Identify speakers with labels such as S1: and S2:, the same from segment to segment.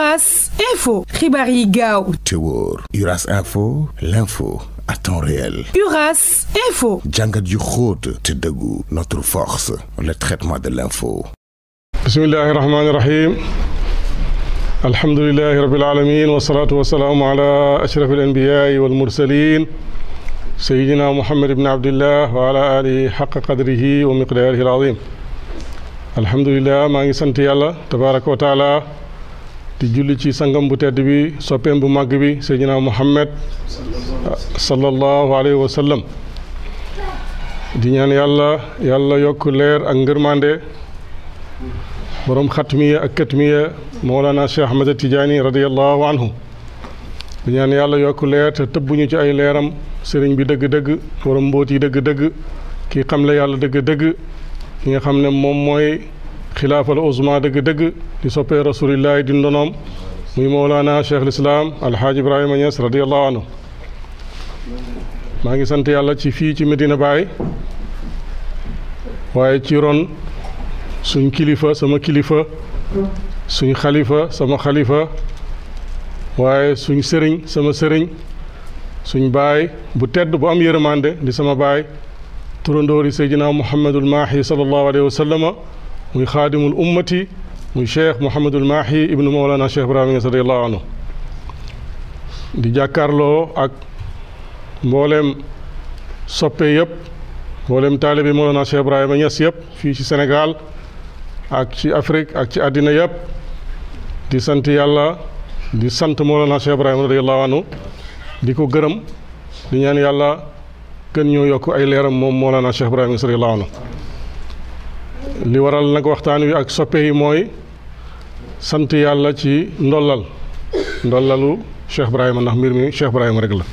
S1: Uras Info. Ribari Gao. Tewor. Uras Info. L'info à temps réel. Uras Info. Django du te Notre force. Le traitement de l'info. Bismillahir Rahim. الحمد لله رب العالمين والصلاة والسلام على أشرف الأنبياء والمرسلين سيدنا محمد بن عبد الله وعلى آله حق قدره ومقداره العظيم الحمد لله ما نسنت الله تبارك وتعالى di julli ci sangam bu tedd bi soppeem bu màgg bi seydina muhammad ah, sallallahu alayhi wa di ñaan yàlla yàlla yokk leer ak ngërmande borom xatmiya ak katmiya moolana cheikh ahmad tijaani anhu di ñaan yàlla yokk leer te tëbbuñu ci ay leeram sëriñ bi dëgg-dëgg borom mbóot dëgg-dëgg kii xam la yàlla dëgg-dëgg ki nga xam ne moom mooy xilaafa al uzma dëgg-dëgg di soppee rasulillahi di ndonoom muy Mawlana Cheikh al Islam Alhaaj Ibrahima Niass radiyallahu anhu maa ngi sant yàlla ci fii ci Medina Baye waaye ci ron suñ kilifa sama kilifa suñ xalifa sama xalifa waaye suñ sëriñ sama sëriñ suñ baay bu tedd bu am yërmande di sama baay turandoori Seydina Muhammadul Maahi sallallahu alayhi wa sallama muy xaadimul ummati muy cheikh Mouhamadul Mahi ibnu Mawlana cheikh Ibrahima Niass radiyallahu anhu di jàkkaarloo ak mboolem soppe yëpp mboolem taalibi Mawlana cheikh Ibrahima Niass yëpp fii ci Sénégal ak ci Afrique ak ci àddina yëpp di sant yàlla di sant Mawlana cheikh Ibrahima radiyallahu anhu di ko gërëm di ñaan yàlla gën ñoo yokk ay leeram moom Mawlana cheikh Ibrahima Niass radiyallahu anhu li waral nag waxtaan wi ak soppe yi mooy sant yàlla ci ndollal ndollalu Cheikh Ibrahima ndax mbir mi Cheikh Ibrahima rek la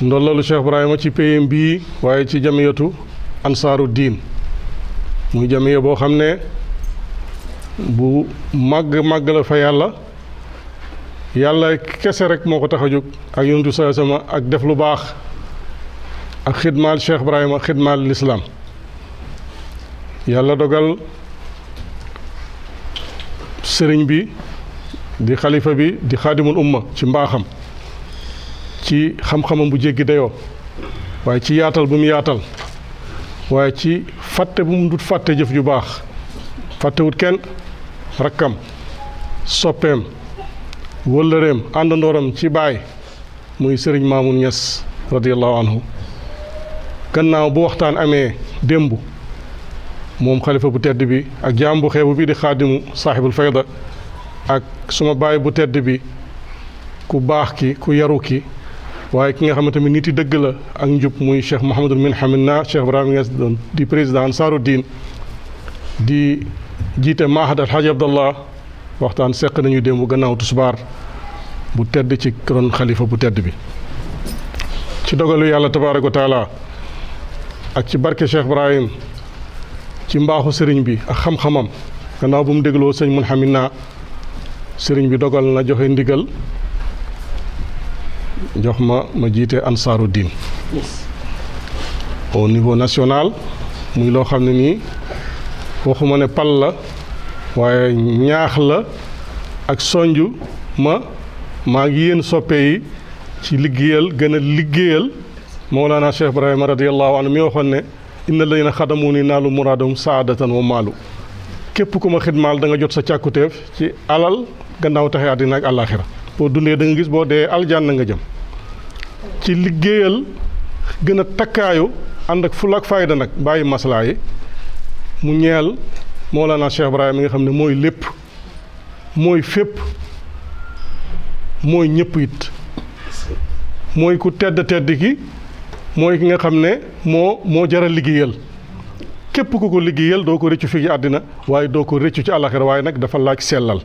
S1: ndollalu Cheikh Ibrahima ci payam bii waaye ci jamiyatu ansaaru diin muy jamiya boo xam ne bu màgg màgg la fa yàlla yàlla kese rek moo ko tax a jóg ak yonentu saa sama ak def lu baax ak xidmaal Cheikh Ibrahima xidmaal lislaam yàlla dogal sëriñ bi di xalifa bi di xaadimul umma ci mbaaxam ci xam-xamam bu jéggi dayoo waaye ci yaatal bu mu yaatal waaye ci fàtte bu mu dut fàtte jëf ju baax fàttewut kenn rakkam soppeem wëllëreem àndandooram ci baay muy sëriñ Maamun Ñas radiyallahu anhu gannaaw bu waxtaan amee démb moom xalifa bu tedd bi ak jaam bu bi di xaadimu saaxibul fayda ak suma baay bu tedd bi ku baax ki ku yaru ki waaye ki nga xamante ni nit la ak njub muy cheikh Mouhamadul Min Hamina cheikh Ibrahima Niass di président Ansaarud-Din di jiite Mahad Alhaji Abdallah waxtaan seq nañu démb gannaaw tisbaar bu tedd ci ron xalifa bu tedd bi. ci dogalu yàlla tabaaraka taala ak ci barke cheikh Ibrahim ci mbaaxu sëriñ bi ak xam-xamam gannaaw bu mu dégloo sëñ mun xamit naa sëriñ bi dogal na joxe ndiggal jox ma ma jiite ansaaru diin au niveau national muy loo xam ne nii waxuma ne pal la waaye ñaax la ak sonju ma maa ngi yéen soppe yi ci liggéeyal gën a liggéeyal Mawlana Cheikh Ibrahima radiyallahu anhu mi waxoon ne inna layna xadamu ni naalu muraadum saadatan wa maalu képp ku ma xidmaal da jot sa càkkutéef ci alal gannaaw taxe àddina ak àllaaxira boo dundee da gis boo dee aljaan na nga jëm ci liggéeyal gën a takkaayu ànd ak fula ak nag bàyyi maslaa mu ñeel Mawlana Cheikh Ibrahima mi nga xam ne mooy lépp mooy fépp mooy ñëpp it mooy ku tedd tedd ki mooy ki nga xam ne moo moo jaral liggéeyal képp ku ko liggéeyal doo ko rëccu fii ci àddina waaye doo ko rëccu ci àllaxira waaye nag dafa laaj sellal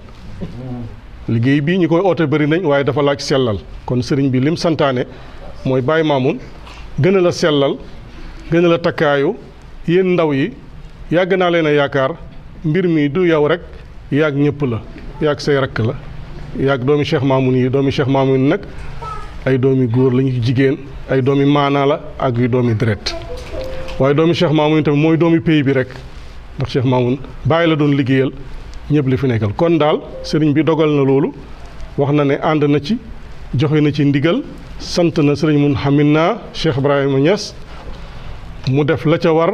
S1: liggéey bii ñu koy oote bari nañ waaye dafa laaj sellal kon sëriñ bi lim santaane mooy Baye Mamoun gën a la sellal gën la takkaayu yéen ndaw yi yàgg naa leen a yaakaar mbir mi du yow rek yaag ñëpp la yaag say rakk la yaag doomi Cheikh Mamoun yi doomi Cheikh Mamoun nag ay doomi góor lañu jigéen ay doomi maanaa la ak yu doomi deret waaye doomi Cheikh Mamoun tamit mooy doomi pays bi rek ndax Cheikh Mamoun bàyyi la doon liggéeyal ñëpp li fi nekkal kon daal sëriñ bi dogal na loolu wax na ne ànd na ci joxe na ci ndigal sant na sëriñ mun xamin naa Cheikh Ibrahima Niass mu def la ca war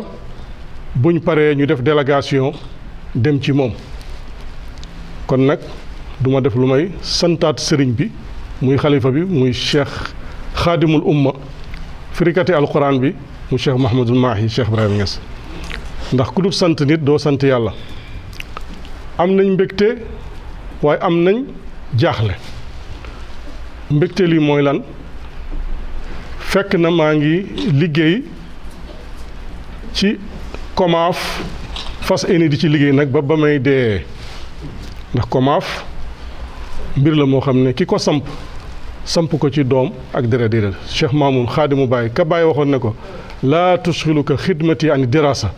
S1: buñ paree ñu def délégation dem ci moom kon nag duma def lu may santaat sëriñ bi muy xalifa bi muy cheikh xaadimul umma firikati alquran bi mu cheikh Mouhamadul Mahi cheikh Ibrahima Niass ndax ku sant nit doo sant yàlla am nañ mbégte waaye am nañ jaaxle mbégte lii mooy lan fekk na maa ngi liggéey ci komaaf fas eni di ci liggéey nag ba ba may dee ndax komaaf mbir la moo xam ne ki ko samp samp ko ci doom ak dara dara Cheikh Mamoun xaadimu Baye ka Baye waxoon ne ko laa tusxiluka xidmati ani dirasa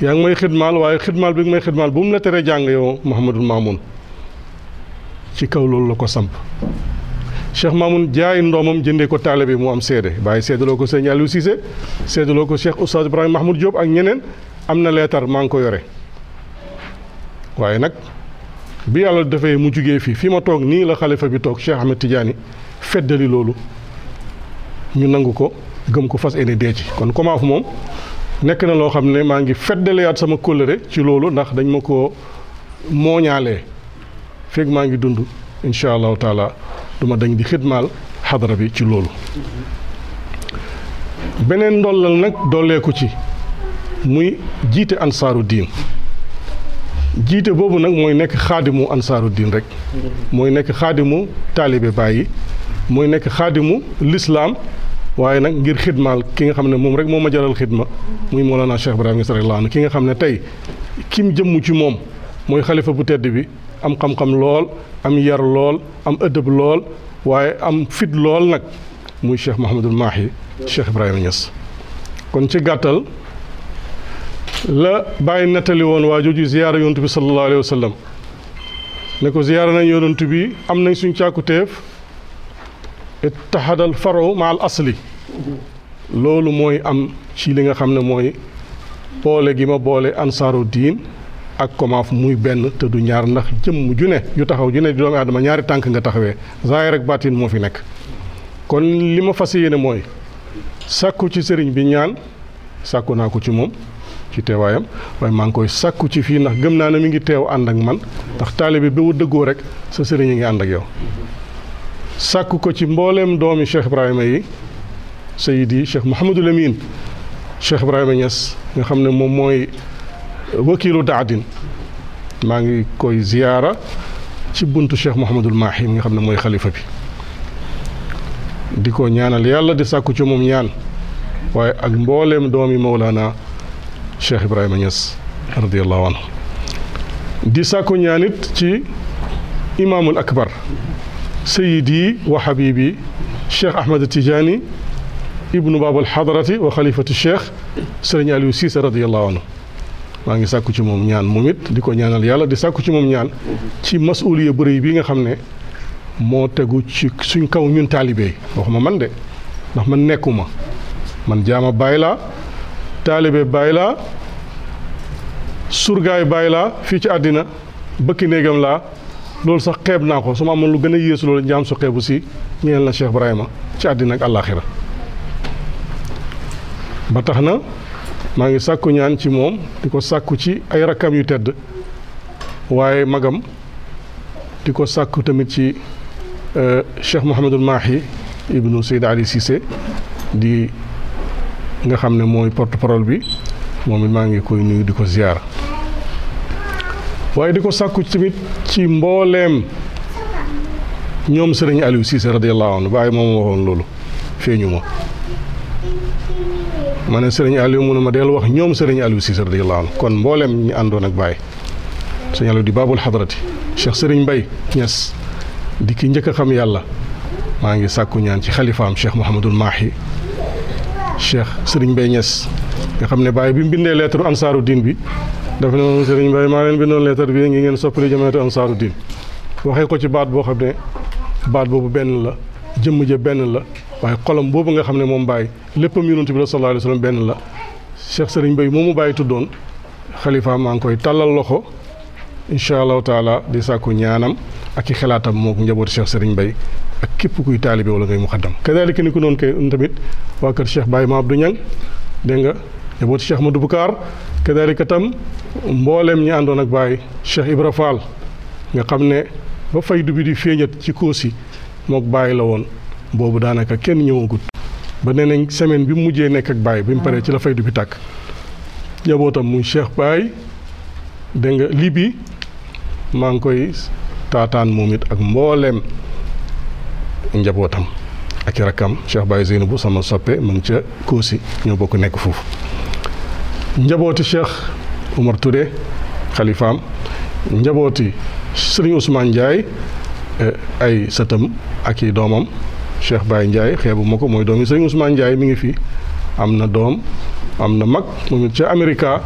S1: yaa ngi may xidmaal waaye xidmaal bi nga may xidmaal bu mu la teree jàng yow Mouhamadul Mamoun ci kaw loolu la ko samp Cheikh Mamoun jaay ndoomam jëndee ko taale bi mu am seede bàyyi seedaloo ko sëñ Aliou Cissé seedaloo ko Cheikh Oustaz Ibrahima Mahmoud Diop ak ñeneen am na leetar maa ngi ko yore waaye bi yàlla defee mu jugee fii fi ma toog nii la xalifa bi toog Cheikh Ahmed Tidiane feddali loolu ñu nangu ko gëm ko fas yéene dee ci kon Komaaf moom nekk na loo xam ne maa ngi feddaliyaat sama kóllëre ci loolu ndax dañ ma ko mooñaalee feeg maa ngi dund incha allahu taala duma ma dañ di xidmaal xadara bi ci loolu beneen ndollal nag dooleeku ci muy jiite ansaaru diin jité bobu nak moy nek khadimu ansaruddin rek moy nek khadimu talibé bàyyi moy nek khadimu l'islam waye nak ngir khidmal ki nga xamné mom rek moma jaral khidma muy Mawlana Cheikh ibrahim sallallahu alayhi ki nga xamné tay kim jëm ci mom moy khalifa bu tedd bi am xam-xam lol am yar lol am ëddëb lol waye am fit lol nak muy Cheikh Mahamadul Mahi Cheikh ibrahim Niass kon ci gatal la bàyyi nettali woon waa jooju ziyaara yontu bi sallallahu alayhi wa ne ko ziyaara nañ yonentu bi am nañ suñ càkkutéef ittahadal faro ma al asli loolu mooy am ci li nga xam ne mooy boole gi ma boole ansaaru diin ak komaaf muy benn te du ñaar ndax jëmm ju ne ju taxaw ju ne di doomi aadama ñaari tànk nga taxawee zaahir ak baatin moo fi nekk kon li ma fas yéene mooy sàkku ci sëriñ bi ñaan sàkku naa ko ci moom ci teewaayam waaye maa ngi koy sàkku ci fii ndax gëm naa ne mu ngi teew ànd ak man ndax taalibe bi mu dëggoo rek sa sëriñ a ngi ànd ak yow sàkku ko ci mbooleem doomi Cheikh Ibrahima yi sayid yi Cheikh Mouhamadul Amin Cheikh Ibrahima Niass nga xam ne moom mooy wakiilu daadin maa ngi koy ziyaara ci buntu Cheikh Mouhamadul Mahi nga xam ne mooy xalifa bi di ko ñaanal yàlla di sàkku ci moom ñaan waaye ak mbooleem doomi Mawlana Cheikh Ibrahima Niass radiallahu anhu di sàkku ñaanit ci imaamul akbar sayidi wa habibi Cheikh Ahmed Tidiane ibnu baabul xadarati wa xalifatu Cheikh Sëriñ Aliou Cissé radiallahu anhu maa ngi sàkku ci moom ñaan moom it di ko ñaanal yàlla di sàkku ci moom ñaan ci masuuliya bu rëy bi nga xam ne moo tegu ci suñ kaw ñun taalibe yi waxuma man de ndax man nekkuma man jaama baay laa taalibe baay laa surgaay baay laa fii ci àddina bëkki néegam laa loolu sax xeeb naa ko su ma amoon lu gën a yéesu loolu njaam su xeebu si ñeel na Cheikh Ibrahima ci àddina ak àllaaxira ba tax na maa ngi sàkku ñaan ci moom di ko sàkku ci ay rakkam yu tedd waaye magam di ko sàkku tamit ci euh, Cheikh Mouhamadul Mahi ibnu Seyd Ali Cissé di nga xamne ne porte parole bi moom ma ngi koy nuyu diko ziar waye diko sakku sàkku tamit ci mbollem ñom serigne aliou cissé radiallahu anhu bàyyi mom waxon lolu feeñu mo ma ne aliou mu ma del wax ñom serigne aliou cissé radiallahu anhu kon mbollem ñi àndoon ak baye serigne aliou di babul hadrati cheikh serigne mbay ñess di ki ñëk xam yalla ma ngi sakku ñaan ci xalifaam cheikh mouhamadul mahi cheikh serigne mbay ñess nga xamne baye bi mbinde lettre Ansarudin bi daf ne serigne mbay ma len bindon lettre bi ngi ngeen soppali jamaatu ansaru din waxe ko ci baat bo xamne baat bobu ben la jëm je ben la waye xolam bobu nga xamne mom baye leppam yunus bi sallallahu alayhi wasallam ben la cheikh serigne mbay momu baye tudon khalifa ma ngi koy talal loxo inshallah taala di sakku ñaanam ak xelaatam mok njabot cheikh serigne ak képp kuy taalibe wala ngay muxaddam kadaalika ni ko noonu kay tamit waa kër Cheikh Baye Ma Abdou Niang dégg nga njabooti Cheikh ma Boucar kadaalika tam mbooleem ñi àndoon ak baay Cheikh Ibra Fall nga xam ne ba faydu bi di feeñat ci kóosi mook Baye la woon boobu daanaka kenn ñëwagut ba nee nañ semaine bi mu mujjee nekk ak Baye bi mu paree ci la du bi tàkk njabootam muy Cheikh Baye dégg nga lii maa ngi koy taataan moom it ak mbooleem njabootam ak i rakkam Cheikh Baye Zeynabu sama soppe ma ngi ca Koosi ñoo bokk nekk foofu njabooti Cheikh Oumar Touré xalifaam njabooti Sëriñ Ousmane Ndiaye eh, ay sëtam ak i doomam Cheikh Baye Ndiaye xeebu ma ko mooy doomi Sëriñ Ousmane Ndiaye mi ngi fii am na doom am na mag moom ngi ca Amerika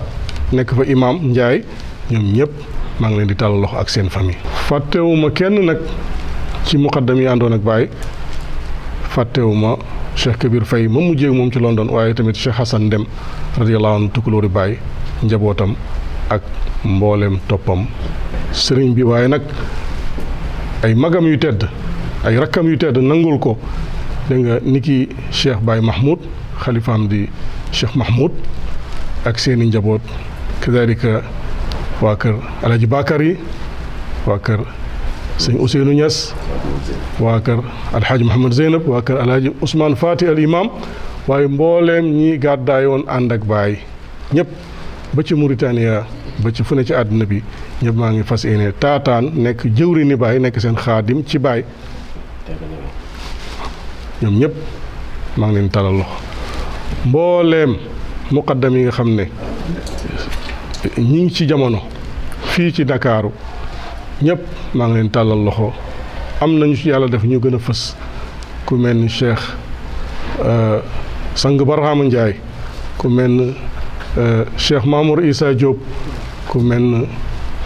S1: nekk fa imam Ndiaye ñoom ñëpp maa ngi leen di tàll loxo ak seen famille fàttewuma kenn nag ci muqaddam yi àndoon ak Baye fàttewuma Cheikh Kabir Faye ma mujjee moom ci London waaye tamit Cheikh Hassan Dem radiyallahu anhu tukulóori Baye njabootam ak mbooleem toppam sëriñ bi waaye nag ay magam yu tedd ay rakkam yu tedd nangul ko dégg nga ni ki Cheikh Baye Mahmoud xalifaam di Cheikh Mahmoud ak seeni njaboot kadalika waa kër Alaaji Bakar yi waa kër sëñ Ousseynou Niass waa kër alxaaji Mouhamed Zeynab waa kër alxaaji Ousmane Fati al imam waaye mbooleem ñi gàddaayoon ànd ak baay ñëpp ba ci Mauritania ba ci fu ne ci àdduna bi ñëpp maa ngi fas yéene taataan nekk jëwri ni baay nekk seen xaadim ci baay ñoom ñëpp maa ngi leen talal loxo mbooleem muqaddam yi nga xam ne ñi ngi ci jamono fii ci Ndakaaru ñëpp maa ngi leen tàllal loxo am nañu ci yàlla def ñu gën a fës ku mel ni Cheikh euh, sang Barhama Ndiaye ku mel ni euh, Cheikh Mamour Issa ku mel ni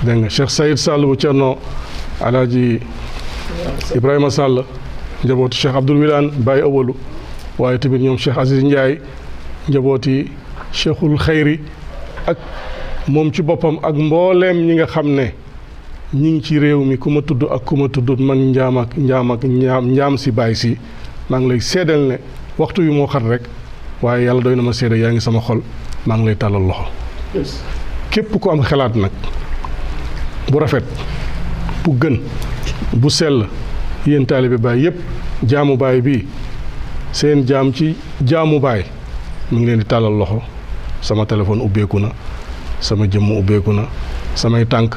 S1: dégg nga Cheikh Sayid Sall bu Cerno Alaaji Ibrahima Sall njabooti Cheikh Abdoul Wilane Baye Awalu waaye tamit ñoom Cheikh Aziz Ndiaye njabooti Cheikhul Xayri ak moom ci boppam ak mbooleem ñi nga xam ne ñi ngi ci réew mi ku ma tudd ak ku ma tuddut man njaam ak njaam ak njaam njaam si bàyyi si maa ngi lay seedal ne waxtu yi moo xat rek waaye yàlla doy na ma seede yaa ngi sama xol maa ngi lay tàllal loxo. képp ku am xalaat nag bu rafet bu gën bu sell yéen taalibe baay yépp jaamu baay bi seen jaam ci jaamu baay mi ngi leen di tàllal loxo sama téléphone ubbeeku na sama jëmm ubbeeku na samay tànk.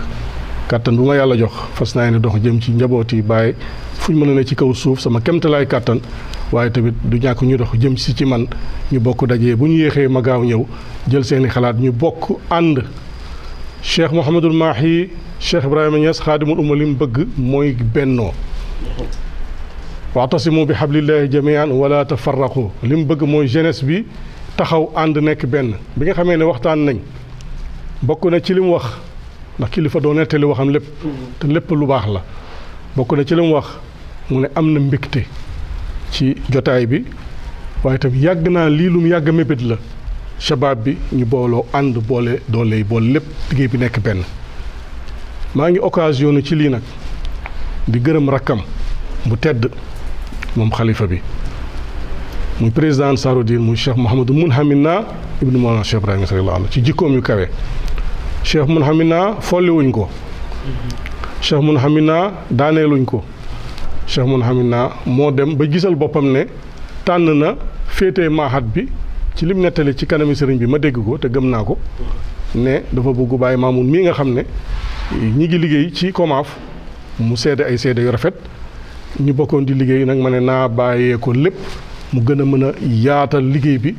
S1: kàttan bu ma yàlla jox fas naa ne dox jëm ci njaboot yi bàyyi fu ñu mën a ne ci kaw suuf sama kemtalaay kàttan waaye tamit du ñàkk ñu dox jëm si ci man ñu bokk dajee bu ñu yéexee ma gaaw ñëw jël seeni xalaat ñu bokk ànd cheikh Mouhamadul Mahi cheikh Ibrahima Niass xaadimul umma li mu bëgg mooy bennoo waatasimu bi hablillahi jamian wala tafarraqu li mu bëgg mooy jeunesse bi taxaw ànd nekk benn bi nga xamee ne waxtaan nañ bokk na ci li wax ndax kilifa doo nettali waxam lépp te lépp lu baax la bokk na ci li mu wax mu ne am na mbégte ci jotaay bi waaye tam yàgg naa lii lum mu yàgg mébét la shabaab bi ñu booloo ànd boole doole yi boole lépp liggéey bi nekk benn maa ngi occasion ci lii nag di gërëm rakkam bu tedd moom xalifa bi muy président Ansaarud-Din muy cheikh Mouhamadou Mounhamina ibnu Mawlana Cheikh Ibrahima sallallahu alayhi ci jikkoom yu kawe cheikh mun xamit naa folliwuñ ko cheikh mun xamit naa daaneeluñ ko cheikh mun xamit naa moo dem ba gisal boppam ne tànn na féete maaxat bi ci lim nettali ci kanami sëriñ bi ma dégg ko te gëm naa ko ne dafa bëgg bàyyi maamun mii nga xam ne ñi ngi liggéey ci komaaf mu seede ay seede yu rafet ñu bokkoon di liggéey nag ma ne naa bàyyee ko lépp mu mana mëna yaatal liggéey bi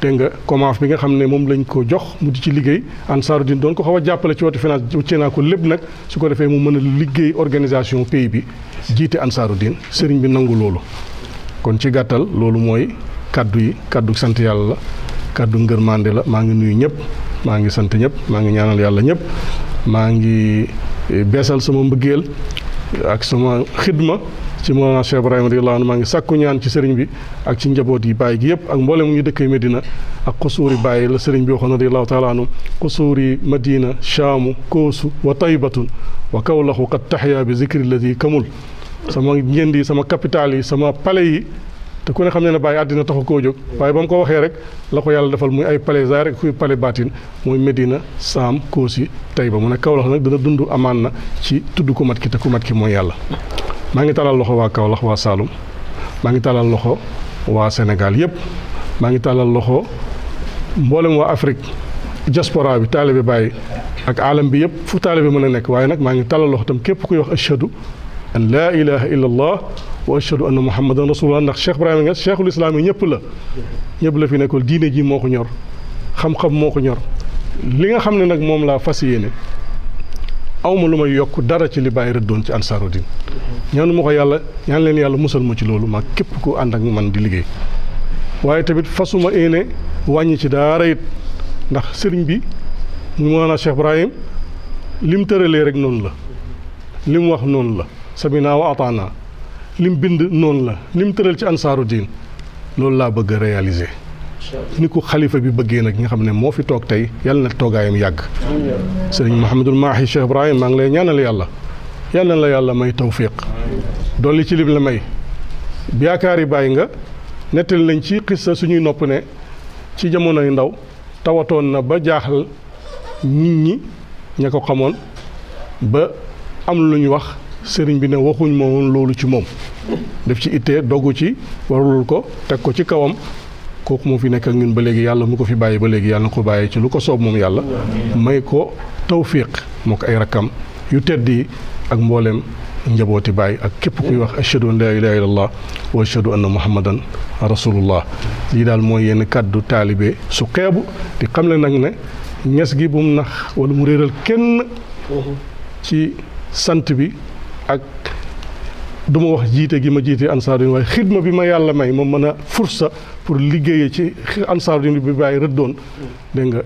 S1: té nga commence bi nga xamné ne lañ ko jox mu di ci liggéey Ansaarud-Din ko xawa jappalé ci wote finance ci na ko lepp nak su ko défé mu mëna liggéey organisation pays bi jité Ansaarud-Din sëriñ bi nangul lolu kon ci gattal lolu moy kaddu yi kaddu sant yalla la kàddu ngërmande la ma nga nuyu ñëpp ma nga sant ñëpp ma nga ñaanal yalla ñëpp ma nga eh, bëssal sama mbëggeel ak sama xidma ci Mawlana Cheikh Ibrahima radiyallahu anhu maa ngi sàkku ñaan ci sëriñ bi ak ci njaboot yi bàyyi gi yëpp ak mboolem ñu dëkkee Medina ak xusuuri bàyyi la sëriñ bi waxoon radiyallahu taala anhu xusuuri Madina Chaamu Koosu wa taybatun wa kawlaxu qad taxya bi zikri alladi kamul sama njënd yi sama capital yi sama palais yi te ku ne xam ne ne bàyyi àddina taxu koo jóg waaye ba mu ko waxee rek la ko yàlla defal muy ay palais zaahir rek kuy palais baatin mooy Medina Saam Koosi Tayba mu ne Kawlax nag dana dund amaan na ci tudd ku mat ki te ku mat ki mooy yàlla maa ngi talal loxo waa Kaolack waa Saloum maa ngi talal loxo waa Sénégal yëpp maa ngi talal loxo mboolem waa Afrique diaspora bi taalibe Baay ak alam bi yëpp fu taalibe mën a nekk waaye nag talal loxo tam képp kuy wax ashhadu an laa ilaha illa allah wa ashhadu anna muhammadan rasulullah ndax Cheikh Ibrahima Niass cheikhul islam yi ñëpp la ñëpp la fi nekkul diine ji moo ko ñor xam-xam moo ko ñor li nga xam ne nag moom laa awma lu may dara ci li Baay rëddoon ci ansaarud ñaanu ma ko yàlla ñaan leen yàlla musal ma ci loolu maa képp ko ànd ak man di liggéey waaye tamit fasuma éene wàññi ci daara ndax sëriñ bi mu maanaam Cheikh Ibrahim lim tëralee rek noonu la lim wax noonu la samina wa ataana lim bind noonu la lim tëral ci ansaaru diin loolu laa bëgg a réaliser ni ko xalifa bi bëggee nag nga xam ne moo fi toog tey yàlla na toogaayam yàgg sëriñ Mouhamadul Mahi Cheikh Ibrahim maa ngi lay ñaanal yàlla yal la yàlla may tawfiq li ci lim la may yaakaari bàyyi nga nettali nañ ci xissa suñuy nopp ne ci jamonoy ndaw tawatoon na ba jaaxal nit ñi ña ko xamoon ba am lu ñu wax sëriñ bi ne waxuñ ma woon loolu ci moom def ci ite doggu ci warulul ko teg ko ci kawam kooku moo fi nekk ak ñun ba léegi yàlla mu ko fi bàyyi ba léegi yàlla na ko bàyyi ci lu ko soob moom yàlla may ko tawfiq moo ko ay rakkam yu tedd yi ak mbooleem njabooti bàyyi ak képp kuy wax ashhadu an laa ilaha illallah wa ashhadu anna muhammadan rasulullah lii daal mooy yenn kàddu taalibe su xeebu di xam xamle nag ne ñes gi bu mu nax wala mu réeral kenn ci sant bi ak duma wax jiite gi ma jiite Ansaarudin waaye xidma bi ma yàlla may ma mën a fursa pour liggéeye ci Ansaarudin bi bàyyi rëddoon dégg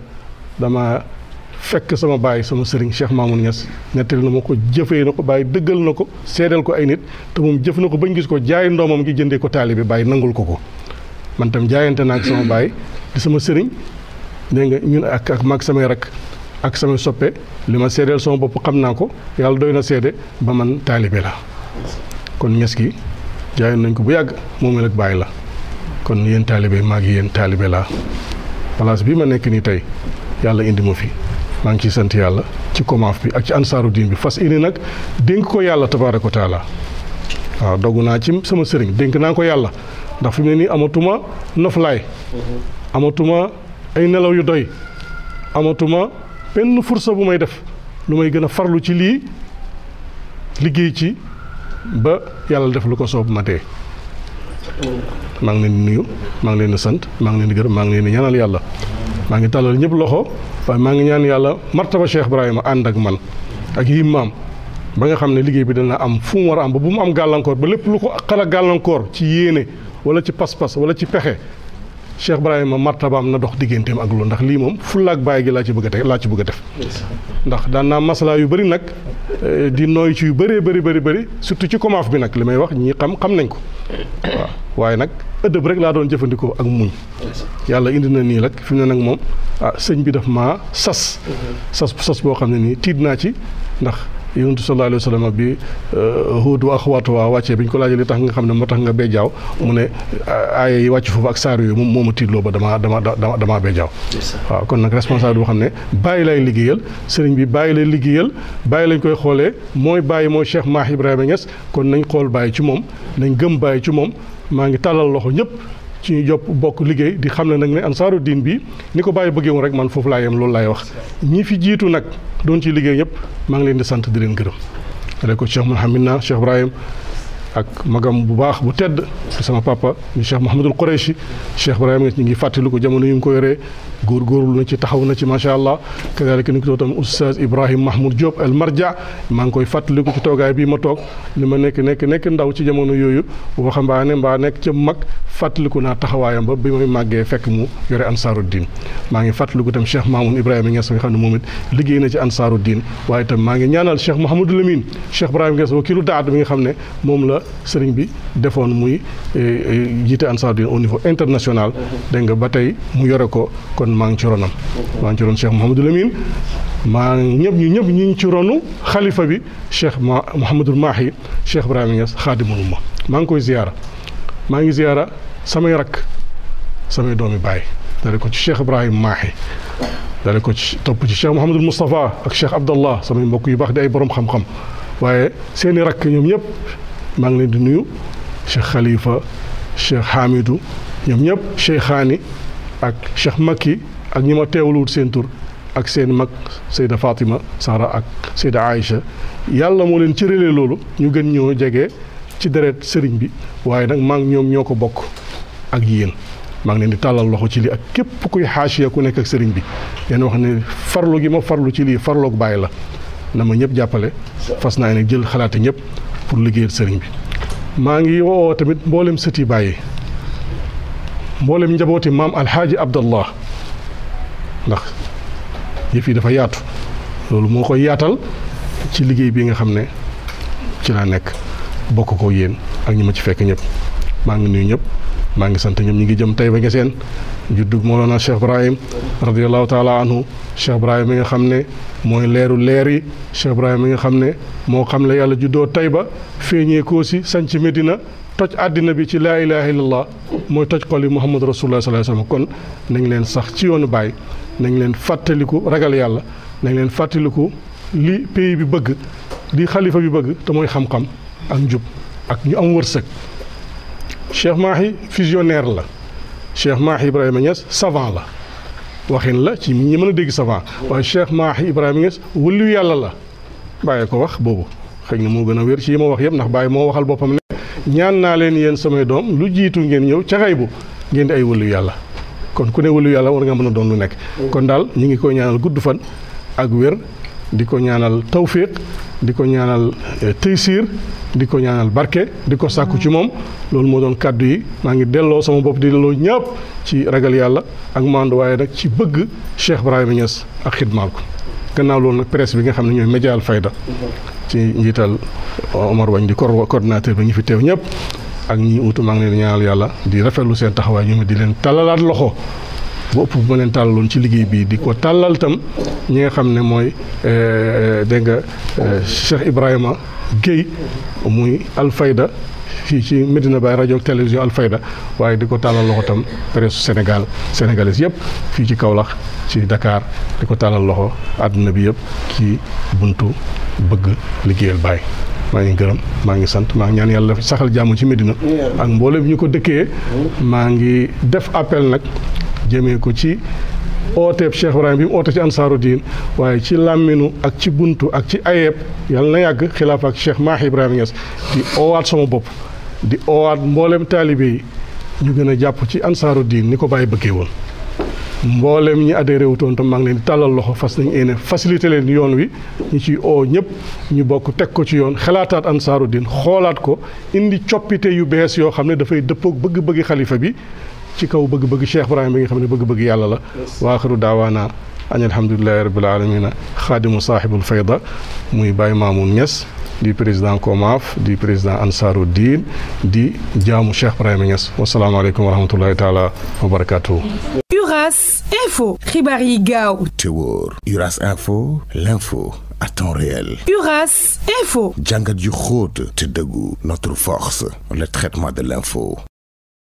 S1: dama fekk sama baay sama sëriñ Cheikh Mamoun Niass nettali na ma ko jëfee na ko bàyyi dëggal na ko seedeel ko ay nit te moom jëf na ko ba ñu gis ko jaay ndoomam gi jëndee ko taali bi bàyyi nangul ko ko man tam jaayante naa ak sama baay di sama sëriñ dégg nga ñun ak ak mag samay rak ak samay soppe li ma seedeel sama bopp xam naa ko yàlla doy na seede ba man taalibe la kon Niass gi jaayoon nañ ko bu yàgg moom la la kon yéen taalibe maa ngi yéen taalibe laa place bi ma nekk nii tey yàlla indi ma fii maa ngi ciy sant yàlla ci commence bi ak ci ansaaru diin bi fas yéene nag dénk ko yàlla tabaaraka taala waaw dogu naa ci sama sëriñ dénk naa ko yàlla ndax fi mu nii amatuma noflaay amatuma ay nelaw yu doy amatuma benn fursa bu may def lu may gën a farlu ci lii liggéey ci ba yàlla def lu ko soob ma dee maa ngi leen nuyu maa ngi leen di sant maa ngi leen di gërëm maa ngi leen di yàlla maa ngi tàllal ñëpp loxo waaye maa ngi ñaan yàlla martaba Cheikh Ibrahima ànd ak man ak yii maam ba nga xam ne liggéey bi dana am fu mu war a am ba bu mu am gàllankoor ba lépp lu ko xala gàllankoor ci yéene wala ci pas-pas wala ci pexe Cheikh Ibrahima martabaam na dox digganteem ak loolu ndax lii moom fullaak bàyyi gi laa ci bëgg a teg def ndax daan masalaa yu bëri nag eh, di nooy ci yu bëree bëri bëri bëri surtout ci komaaf bi nag li may wax ñii xam xam nañ ko waaw waaye nag ëddëb rek laa doon jëfandikoo ak muñ yàlla indi na nii rek fi ne nag moom ah, sëñ bi daf maa sas mm-hmm. sas sas boo xam ne nii tiit naa ci ndax yonentu sallallahu alayhi wa sallam bi Huud euh, wa axwaatuhaa wàccee bi ñu ko laajee li tax nga xam ne moo tax nga béjjaaw mu ne aaya yi wàcc foofu ak saar yooyu moom moo ma tiitloo ba damaa dama dama damaa béjjaaw waaw kon nag responsable boo xam ne bàyyi lay liggéeyal sëriñ bi bàyyi lay liggéeyal bàyyi lañ koy xoolee mooy bàyyi mooy Cheikh Mahi Ibrahima Niass kon nañ xool bàyyi ci moom nañ gëm bàyyi ci moom maa ngi tàllal loxo ñëpp ci ñuy jopp bokk liggéey di xam ne nag ne ansaaru diin bi ni ko bàyyi bëggee woon rek man foofu laa yem loolu laay wax ñi fi jiitu nag doon ci liggéey ñëpp maa ngi leen di sant di leen gërëm. aleykum Cheikh Mouhamed na Cheikh Ibrahim ak magam bu baax bu tedd di sama papa mi Cheikh Mouhamadul Qurayshi Cheikh Ibrahima ñu ngi fàttali ko jamono yu mu ko yore yoree góorgóorlu na ci taxaw na ci macha allah kadalika ni ko tam oustaz Ibrahim Mahmoud Diop El Marja maa ngi koy fàttaliku ci toogaay bii ma toog li ma nekk nekk nekk ndaw ci jamono yooyu waxambaane mbaa nekk ca mag fàttaliku naa taxawaayam ba bi may màggee fekk mu yore ansaaru diin maa ngi fàttaliku tam Cheikh Mamoun Ibrahima Niass nga xam ne moom it liggéey na ci ansaaru diin waaye itam maa ngi ñaanal Cheikh Mouhamadul Amin Cheikh nga xam ne moom la sëriñ bi defoon muy jiite ansaarud au niveau international dégg nga ba mu yore ko kon maa ngi ci ronam maa ngi ci ron Cheikh Mouhamadul Amin maa ñëpp ñu ñëpp ñu ci ronu xalifa bi Cheikh Mouhamadul Mahi Cheikh Ibrahima Niass xaadimul umma maa ngi koy ziyaara maa ngi ziyaara samay rakk samay doomi baay dale ko ci Cheikh Ibrahima Mahi dale ko ci topp ci Cheikh Mouhamadul Moustapha ak Cheikh Abdallah samay mbokk yu baax di borom xam-xam waaye seeni rakk ñoom ñëpp maa ngi leen di nuyu Cheikh Khalifa Cheikh Hamidou ñoom ñëpp Cheikh Khani ak Cheikh Makki ak ñu ma teewluwut seen tur ak seen mag Seyda faatima Sara ak Seyda Aïcha yàlla moo leen cëralee loolu ñu gën ñoo jege ci deret sëriñ bi waaye nag maa ngi ñoom ñoo ko bokk ak yéen maa ngi leen di tàllal loxo ci lii ak képp kuy xaasiya ku nekk ak sëriñ bi leen wax ne farlu gi ma farlu ci lii farloog bàyyi la na ma ñëpp jàppale fas naa ne jël xalaate ñëpp pour liggéeyal sëriñ bi maa ngi woo tamit mboolem sëti bàyyi mboolem njabooti maam alxaaji abdallah ndax yëf yi dafa yaatu loolu moo koy yaatal ci liggéey bi nga xam ne ci laa nekk bokk ko yéen ak ñu ma ci fekk ñëpp maa ngi nuyu ñëpp maa ngi sant ñoom ñi ngi jëm tay ba ngeseen juddug Mawlana Cheikh Ibrahim radiallahu taala anhu Cheikh Ibrahim mi nga xam ne mooy leeru leer yi Cheikh Ibrahim mi nga xam ne moo xam la yàlla juddoo tay ba féeñee koosi sanc Medina toj àddina bi ci laa ilaha illallah mooy toj xol yi Muhammad rasulullah sallallahu alayhi wasallam kon nañ leen sax ci yoonu Baay nañ leen fàttaliku ragal yàlla nañ leen fàttaliku lii pays bi bëgg di xalifa bi bëgg te mooy xam-xam ak njub ak ñu am wërsëg Cheikh Mahi visionnaire la Cheikh Mahi Ibrahima Niass savant la waxin la ci ñi mën a dégg savant waaye Cheikh Mahi Ibrahima Niass wëllu yàlla la bàyyi ko wax boobu xëy na moo gën a wér ci yi ma wax yëpp ndax bàyyi moo waxal boppam ne ñaan naa leen yéen samay doom lu jiitu ngeen ñëw ca xay bu ngeen di ay wëllu yàlla kon ku ne wëllu yàlla war nga mën a doon lu nekk kon daal ñu ngi koy ñaanal gudd fan ak wér di ko ñaanal tawfiq di ko ñaanal eh, taysiir di ko ñaanal barke di ko sàkku ci moom loolu moo doon kàddu yi maa ngi delloo sama bopp di loolu ñëpp ci ragal yàlla ak mandu waaye nag ci bëgg Cheikh Ibrahima Niass ak xidmaal ko gannaaw loolu nag presse bi nga xam ne ñooy média Fayda ci njiital eh, Omar Wañ di coordonnateur bi ñu fi teew ñëpp ak ñu wutu maa ngi leen ñaanal yàlla di rafetlu seen taxawaay ñu di leen talalaat loxo bu ëpp bu ma leen tàllaloon ci liggéey bii di ko tàllal tam ñi nga xam ne mooy euh, euh, dégg nga euh, Cheikh Ibrahima Guèye muy Alfayda fii ci Medina Baye rajo télévision Alfayda waaye di ko tàllal loxo tam presse Sénégal sénégalais yëpp fii ci Kaolack ci Dakar di ko tàllal loxo àdduna bi yëpp ci buntu bëgg liggéeyal Baye. maa ngi gërëm maa ngi sant maa ngi ñaan yàlla saxal jàmm ci Medina. ak mboolem ñu ko dëkkee. maa ngi def appel nag. jëmee ko ci ooteeb Cheikh Ibrahima bi mu oote ci ansaaru diin waaye ci làmminu ak ci bunt ak ci ayeeb yàlla na yàgg xilaaf ak Cheikh Mahi Ibrahima Niass di oowaat sama bopp di owaat mboolem taalibe yi ñu gën a jàpp ci ansaaru diin ni ko bàyyi bëggee woon. mboolem ñi adhéré wutoon tam maa ngi leen di tàllal loxo fas nañ yéene facilité leen yoon wi ñu ci oo ñëpp ñu bokk teg ko ci yoon xalaataat ansaaru diin xoolaat ko indi coppite yu bees yoo xam ne dafay dëppoog bëgg xalifa bi. ci kaw bëgg-bëgg Cheikh ibrahim bi nga xamne bëgg-bëgg yàlla la wa akhiru dawana an alhamdulillahi rabbil alamin xaadimu sahibul fayda muy bay Mamoun ness di président komaf di président Ansaru di jamu Cheikh ibrahim ness wa salam alaykum wa rahmatullahi taala wa barakatuh Uras Info xibaar yi gaaw te wóor Uras Info l'info à temps réel. Uras Info. Djangadjou yu xóot notre force le traitement de l'info